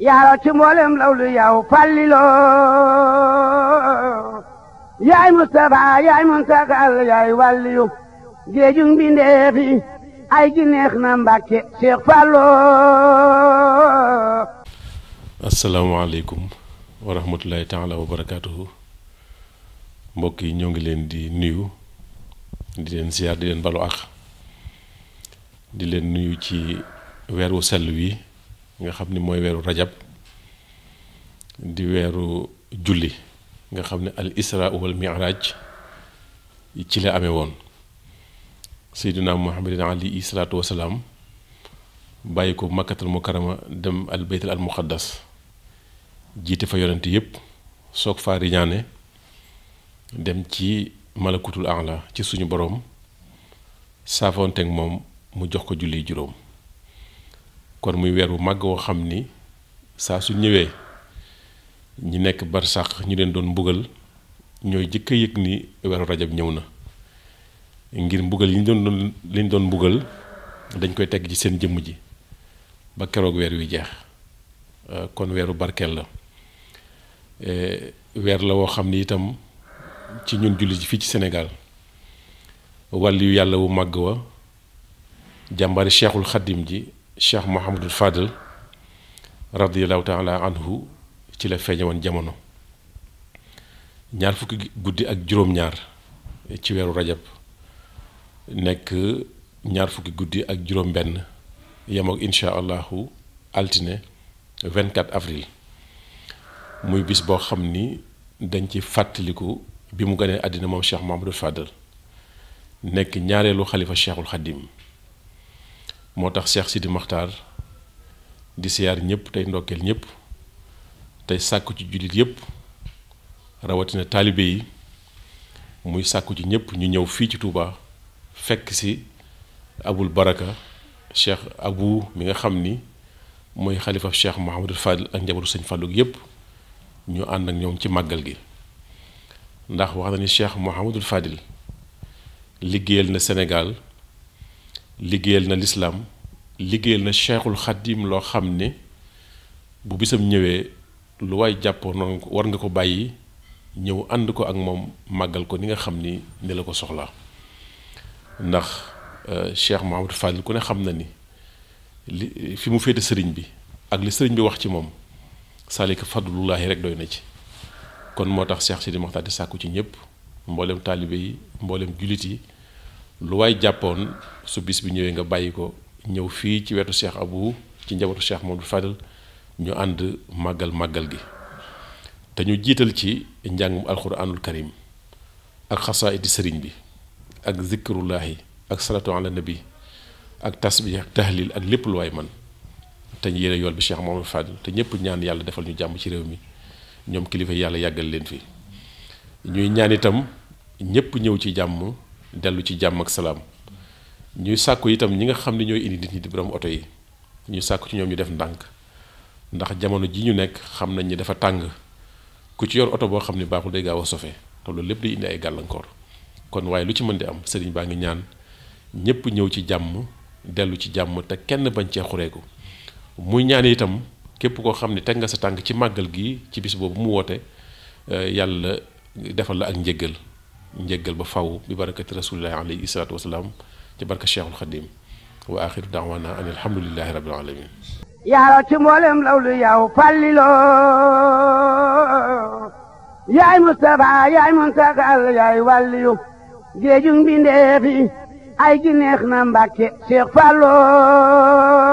yaaro ci mboolem lawlu yaw fallilo yaay Mustafa yaay muntakal yaay walliyu géejum bindeefi ay gi neex na Mbàkke Seex Fallu asalaamaaleykum wa rahmatulahi taala wa barakaatuhu mbokk yi ñoo ngi leen di nuyu di leen siyaar di leen balu ak di leen nuyu ci weer wu sell wi nga xam ni mooy weeru rajab di weeru julli nga xam ne al isra wal miraj ci la amee woon seyduna muhammadin ali salaatu wasalaam bàyyi ko makkatal mukarama dem al beytal al muqaddas jiite fa yonent yépp soog faa riñaane dem ci malakutul ala ci suñu boroom saafoonteeg moom mu jox ko julli juróom kon muy weer bu mag woo xam ni saa su ñëwee ñi nekk barsax ñu leen doon mbugal ñooy jëkk a yëg ni weeru rajab ñëw na ngir mbugal yi ñu doon ñu doon mbugal dañ koy teg ci seen jëmm ji ba keroog weer wi jeex euh, kon weeru barkel la euh, weer la woo xam ni itam ci ñun julli ji fii ci Sénégal wàll yu yàlla wu màgg wa jàmbari cheikhul xadim ji cheikh Mouhamadul fadal radiyallahu taala anhu ci la feeñe woon jamono ñaar fukki guddi ak juróom-ñaar ci weeru rajab nekk ñaar fukki guddi ak juróom-benn yem ak incha allahu altine 24 avril muy bis boo xam ni dañ ci fàttaliku bi mu ganee àddina moom cheikh Mouhamadul Fadel nekk ñaareelu xalifa cheikhul xadim moo tax Cheikh Sidi Maxtaar di siyaar ñëpp tey ndokkeel ñëpp tey sàkku ci jullit yëpp rawatina taalibe yi muy sàkku ci ñëpp ñu ñëw fii ci Touba fekk si abul baraka cheikh abu mi nga xam ni mooy xalifa cheikh Mouhamadul Fadil ak njabootu sëñ Fallou yëpp ñu ànd ak ñoom ci màggal gi ndax wax na ni cheikh Mouhamadul Fadil liggéeyal na Sénégal. liggéeyal na lislaam liggéeyal na cheikhul xadim loo xam ne bu bisam ñëwee lu way jàppoo noonu war nga ko bàyyi ñëw ànd ko ak moom màggal ko ni nga xam ni la ko soxlaa ndax cheikh Mouhamadou Fadil ku ne xam na ni li fi mu féete sëriñ bi ak li sëriñ bi wax ci moom saalika fadlullahi rek doy na ci kon moo tax cheikh Sidi Moxtaar di sàkku ci ñëpp mboolem taalibe yi mboolem yi lu waay jàppoon su bis bi ñëwee nga bàyyi ko ñëw fii ci wetu Cheikh Abou ci njabootu Cheikh Mamadou Fadel ñu ànd màggal màggal gi te ñu jiital ci njàngum alxuraanul karim ak xasaayidi sëriñ bi ak zikrullahi ak salatu ala nabi ak tasbih ak tahlil ak lépp lu waay man te ñu yéene yool bi Cheikh Mamadou Fadel te ñëpp ñaan yàlla defal ñu jàmm ci réew mi ñoom kilifa yàlla yàggal leen fi ñuy ñaan itam ñépp ñëw ci jàmm dellu ci jàmm ak salaam ñuy sàkku itam ñi nga xam ne ñooy indi nit ñi di borom oto yi ñuy sàkku ci ñoom ñu def ndànk ndax jamono ji ñu nekk xam nañ ni dafa tàng ku ci yor oto boo xam ne baaxul day gaaw a sofe te lépp day indi ay gàllankoor kon waaye lu ci mën di am sëriñ baa ngi ñaan ñëpp ñëw ci jàmm dellu ci jàmm te kenn bañ cee xureeku muy ñaan itam képp koo xam ne teg nga sa tànk ci màggal gi ci bis boobu mu woote eh, yàlla defal la ak njégal njëggal ba faw bi barakati rasulillahi alayhi salaatu wasalaam ci barka cheikhul xadim wa axiru daawana an alhamdulilahi rabil alamin yaaraw ci mboolem lawlu yow fallilo yaay Mustafa yaay Muntakal yaay wàlliyu géejum bindeefi ay gi neex na Mbàkke Cheikh Fallo